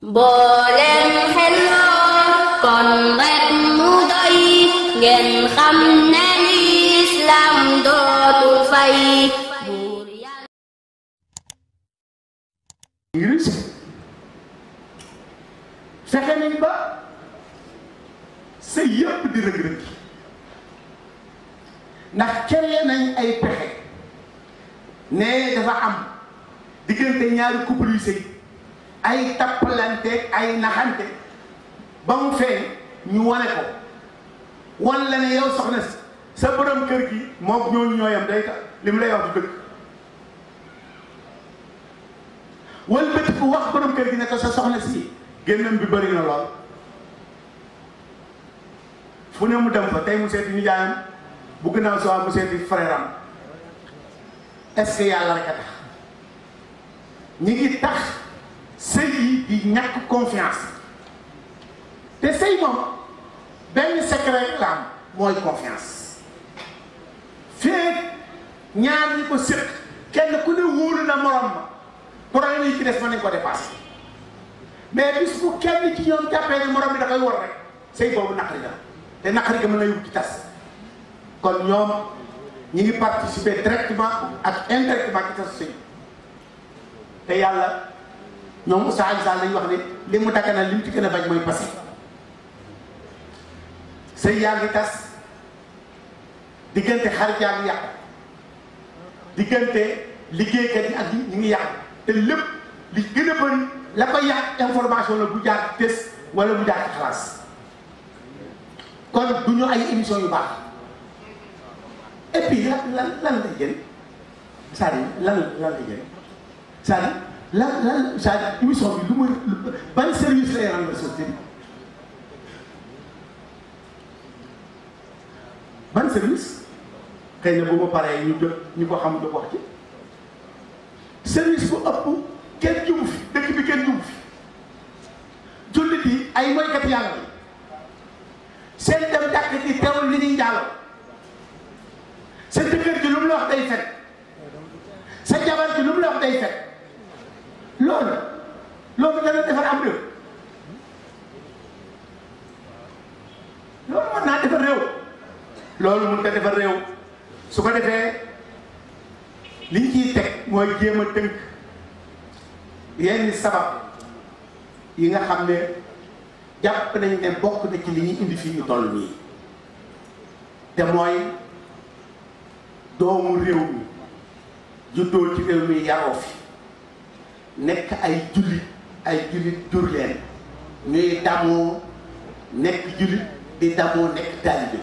mboolem xelloon kon rek mu doy ngeen xam ne lislaam dootul fay buur yàlla Ingilis fexe nañ ba sa yëpp di rëg-rëg ndax créé nañ ay pexe ne dafa am diggante ñaari couple yu sëy ay tappalanteeg ay naxante ba mu feeñ ñu wane ko wan la ne yow soxna si sa borom kër gi moom ñooñu ñooyam day tax li mu lay wax du dëgg wal bët ku wax borom kër gi ne sa soxna si génnam bi bari na lool fu ne mu dem fa tey mu seeti nijaayam bu gënaaw soo mu seeti frère am est-ce yàlla rek a tax ñi ngi tax sëy yi di ñàkk confiance te sëy moom benn secret la am mooy confiance feeg ñaar ñi ko sëq kenn ku ne wóolu na morom ma problème yi ci des mën nañ ko dépassé mais bis bu kenn ci ñoom jàppee ne morom bi da koy war rek sëy boobu naqari la te naqari ga mën na yóbbu ci tas kon ñoom ñi ngi participer directement ak indirectement ci tas te yàlla ñoom Oustaz Alioune Sall lañ wax ne li mu daganal li mu ci gën a bañ mooy passé sëy yaa ngi tas diggante xarit yaa yàqu diggante liggéeykat yi ak ñi ngi yàqu te lépp li gën a bëri la koy yàq information la bu jaar tes wala bu jaar ci xalaas kon du ñu ay émission yu baax et la lan lan lan lay jëriñ c'est-à-dire lan lan lay jëriñ lan lan c'est-à-dire émission bi lu muy ban service lay rendre société bi ban service xëy na bu ma paree ñu jot ñu ko xam lu wax ci service bu ëpp kenn jumu fi dëkk bi kenn jumu jullit yi ay moykat yàlla bi seen dem jàkk ci teewul li ñuy jàll sa jëkkër ji lu mu la wax day fet sa jabar ji lu mu la day fet loolu loolu dana defar am réew loolu mën naa defar réew su ko defee li ñu ciy teg mooy jéem a tënk yenn sabab yi nga xam ne jàpp nañ ne bokk na ci li indi fii ñu toll nii te mooy doomu réew mi juddoo ci réew mi yaroo fi nekk ay jullit ay jullit jur leen ñuy damoo nekk jullit di damoo nekk taalibe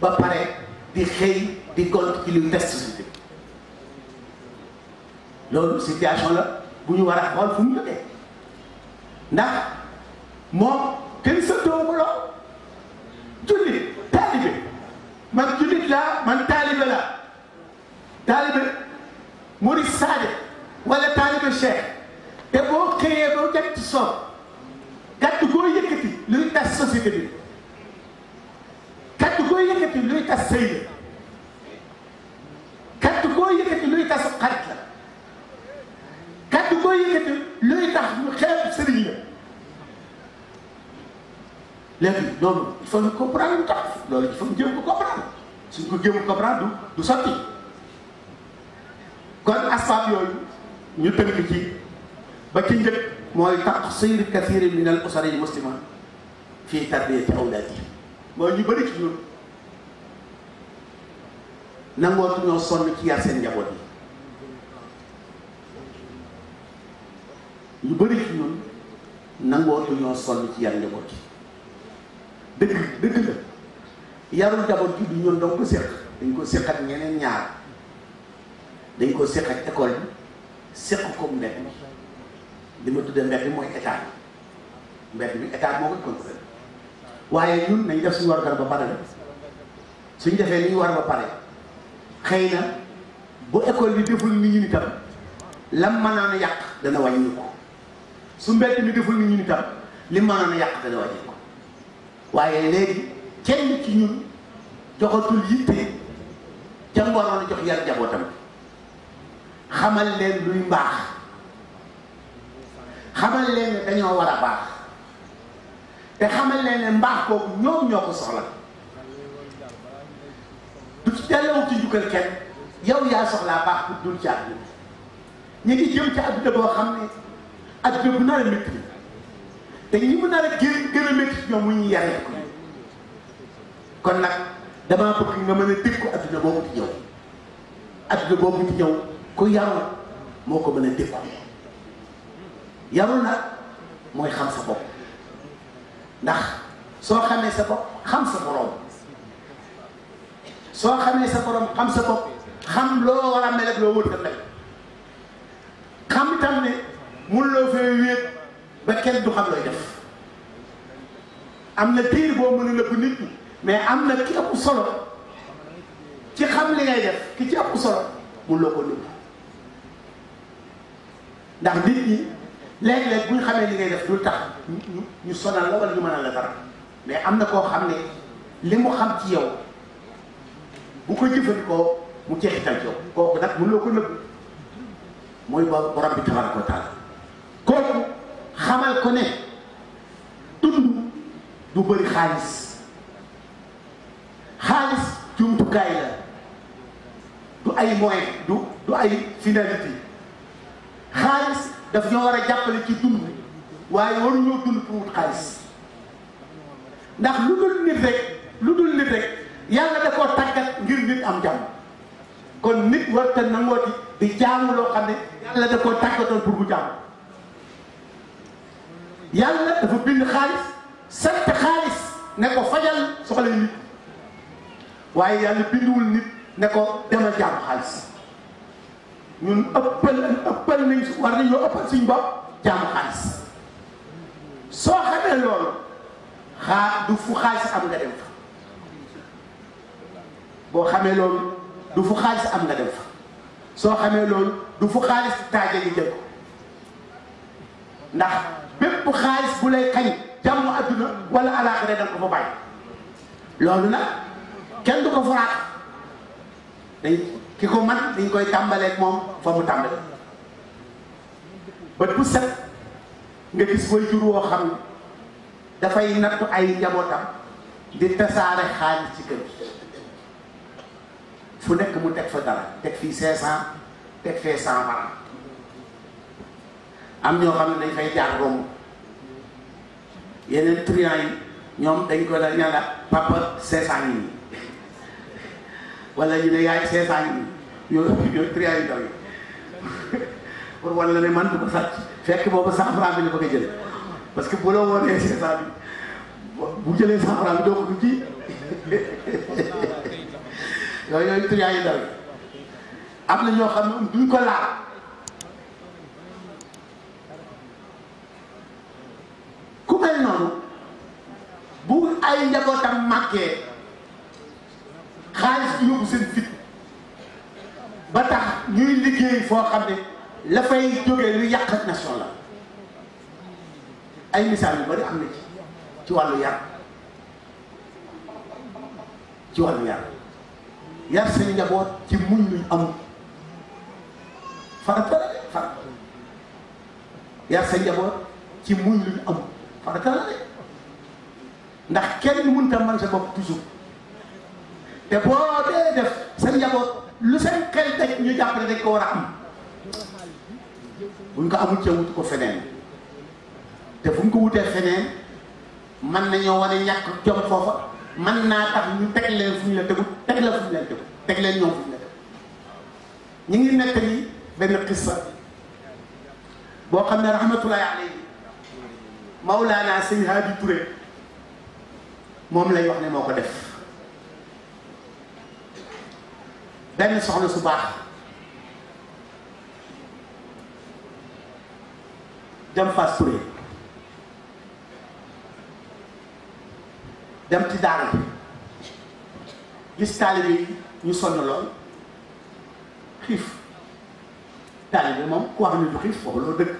ba pare di xëy di gont ci li test loolu situation la bu ñu war a xool fu mu jógee ndax moom kenn sa doomu lool jullit taalibe man jullit laa man taalibe laa taalibe murid saade wala taalibe cheikh te boo xëyee doo jag ci soor kàddu koo yëkkati luy tas société bi kàddu koo yëkkati luy tas sëy la kàddu koo yëkkati luy tas xarit la kàddu koo yëkkati luy tax ñu xeeb sëriñ la léegi loolu il faut ñu comprendre lu tax loolu il faut ko comprendre suñ ko jéem comprendre du du sotti kon aspaab yooyu ñu tënk ci ba ci njëkk mooy taqsir kathir min al usari al muslima fii tarbiyati awlaad yi mooy ñu bëri ci ñun nangootu ñoo sonn ci yar seen njaboot yi ñu bëri ci ñun nangootu ñoo sonn ci yar njaboot yi dëgg dëgg la njaboot yi du ñun dong ko séq dañ ko séq ak ñeneen ñaar dañ ko séq ak école bi séq ko mu nekk li ma tuddee mbedd mooy état bi mbedd bi état moo koy contrôlé waaye ñun nañ def suñu war gar ba pare la suñ defee li ñu war ba pare xëy na bu école bi deful ni ñu ni tam lam mënaan yàq dana wàññi ko su mbedd mi deful ni ñu ni tam li mënaan yàq dana wàññi ko waaye léegi kenn ci ñun joxatul yitte jam waroon a jox yar jabootam xamal leen luy baax xamal leen ne dañoo war a baax te xamal leen ne mbaax boobu ñoom ñoo ko soxla du delloo ci njukkal kenn yow yaa soxlaa baax bu dul ci àdduna ñu ngi jëm ci àdduna boo xam ne àdduna bu nar a métti te ñi mu nar a gën gën a métti ñoom mu ñu yaree ko kon nag damaa bëgg nga mën a dékku àdduna boobu di ñëw àdduna boobu di ñëw ku yaru moo ko mën a dékku yaru nag mooy xam sa bopp ndax soo xamee sa bopp xam sa borom soo xamee sa borom xam sa bopp xam loo war a mel ak loo wër mel xam tam ne mun loo fee wéet ba kenn du xam looy def am na tiir boo mën a nëbb nit ñi mais am na ki ëpp solo ci xam li ngay def ki ci ëpp solo mun loo ko ndax nit ñi léeg-léeg bu ñu xamee li ngay def dul tax ñu sonal la wala ñu mënal la dara mais am na koo xam ne li mu xam ci yow bu ko jëfandikoo mu jeexital yow kooku nag mënuloo ko nëbb mooy borom bi tabaraka wa taala kooku xamal ko ne dund du bëri xaalis xaalis jumtukaay la du ay moyen du du ay finalité xaalis daf ñoo war a jàppale ci dund waaye waruñoo dund pour wut xaalis ndax lu dul nit rek lu dul nit rek yàlla da koo tàggat ngir nit am jàmm kon nit warta nangoo di di jaamu loo xam ne yàlla da koo tàggatoon bu jàmm yàlla dafa bind xaalis sant xaalis ne ko fajal soxla nit waaye yàlla binduwul nit ne ko demal jaamu xaalis ñun ëppal ëppal nañ war nañoo ëppal suñ bopp jaamu xaalis soo xamee loolu xaa du fu xaalis am nga dem fa boo xamee loolu xaalis am nga dem soo xamee loolu du fu xaalis taaje yi jël ko ndax bépp xaalis bu lay xañ jàmm adduna wala alaaxira da nga ko fa bàyyi loolu nag kenn du ko faraat ki ko man dañ koy tàmbaleek moom fa mu tàmbale bët bu set nga gis way jur woo xam ne dafay nattu ay njabootam di tasaare xaalis ci kër fu nekk mu teg fa dara teg fii cinq cent teg fee cent franc am ñoo xam ne dañ fay jaar romb yeneen triant yi ñoom dañ ko la ñala papa cinq yi wala ñu ne yaay cinq cent yi yooyu yooyu trias yu ndaw yi pour ne man du ko sàcc fekk boobu cent bi la bëgg a jële parce que bu la woonee cinq bi bu jëlee cent bi doo ko du yooyu yooyu trias yu ndaw yi am na ñoo xam duñ ko laal ku mel noonu bu ay njabootam màggee tax yóbbu seen fit ba tax ñuy liggéey foo xam ne la fay jógee lu yàq nation la ay misaal yu bari am na ci ci wàllu yàq ci wàllu yar yàq seen njaboot ci muñ luñ amul farata la de farata njaboot ci muñ luñ amul farata ndax kenn mënta mën sa bopp toujours te boo dee def seen njaboot lu seen xel daj ñu jàpp ne dañ ko war a am buñ ko amul ca wut ko feneen te fu ñu ko wutee feneen man nañoo wane ñàkk jom foofa man naa tax ñu teg leen fu ñu la tegu teg la fu ñu la tegu teg leen ñoom fu ñu la ñu ngi nekk ni benn xissa boo xam ne rahmatullahi alayhi Mawlaana Sëñ Haadi Touré moom lay wax ne moo ko def benn soxna su baax dem fas Touré dem ci daara gis taalibe yi ñu sonn lool xiif taalibe moom ku wax ne du xiif foofu loo dëkk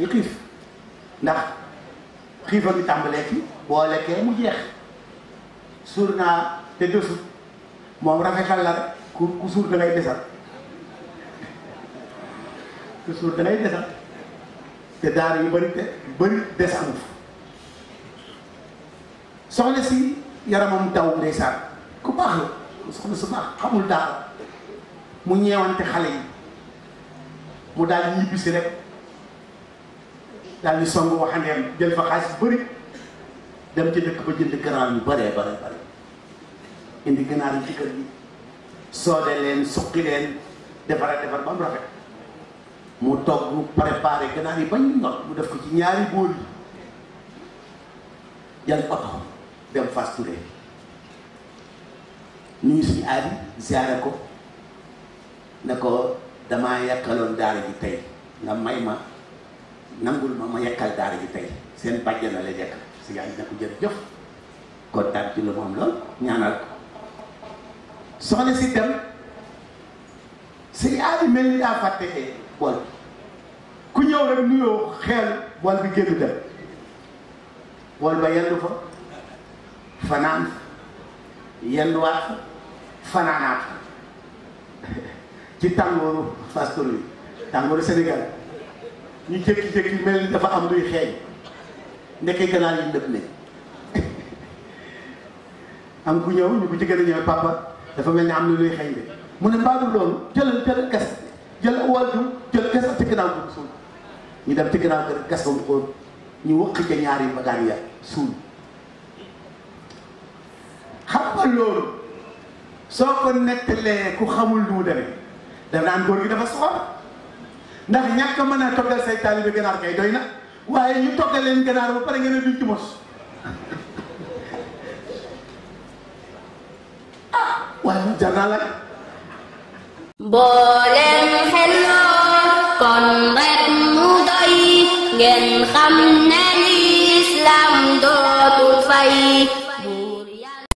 yu xiif ndax xiif a ngi tàmbalee fi boo lekkee mu jeex suur naa te desut moom rafetal la rek ku ku suur da ngay desal ku suur da ngay desal te daara yu bëri te bëri des amul soxna si yaramam daw ndeysaan ku baax la soxna su baax xamul daara mu ñeewante xale yi mu daal ñibbisi rek daal di song waxandeem jël fa xaalis bëri dem ci dëkk jënd ganaar yu baree bare bare indi ganaar yi ci kër gi soode leen suqi leen defara defar ba mu rafet mu togg mu préparé ganaar yi bañ ñor mu def ko ci ñaari bool yi jël oto dem Fass Touré nuyu suñu aadi ziare ko ne ko damaa yàkkaloon daara ji tey nga may ma nangul ma ma yàkkal daara ji tey seen bàjjana la yàkkal Ndiaye na ko jërëjëf kontaan ci lu mu am lool soxna si dem mel ni daa fàtte bool bi ku ñëw rek nuyoo xeel bool bi génn dem bool ba yendu fa fanaan yenduwaat fa fanaanaat fa ci tàngooru fastor tàngooru Sénégal ñu jékki-jékki mel ni dafa am luy xeeñ ndekkee ganaar yi def ne am ku ñëw ñu ko ci gën papa dafa mel ni am na luy xëy de mu ne mbaalu loolu jëlal jël wàllu jël gas ci gannaaw ko suul ñu dem ci gannaaw kër ko ñu wëq ca ñaari bagaan ya suul xam nga loolu soo ko nettalee ku xamul lu mu demee daf naan góor gi dafa soxor ndax ñàkk mën a toggal say taalibe ganaar kay doy na waaye ñu togga leen ganaar ba pare ci mos ah waaye mu jar naa la boo mu doy ngeen xam ne lislaam dootul fay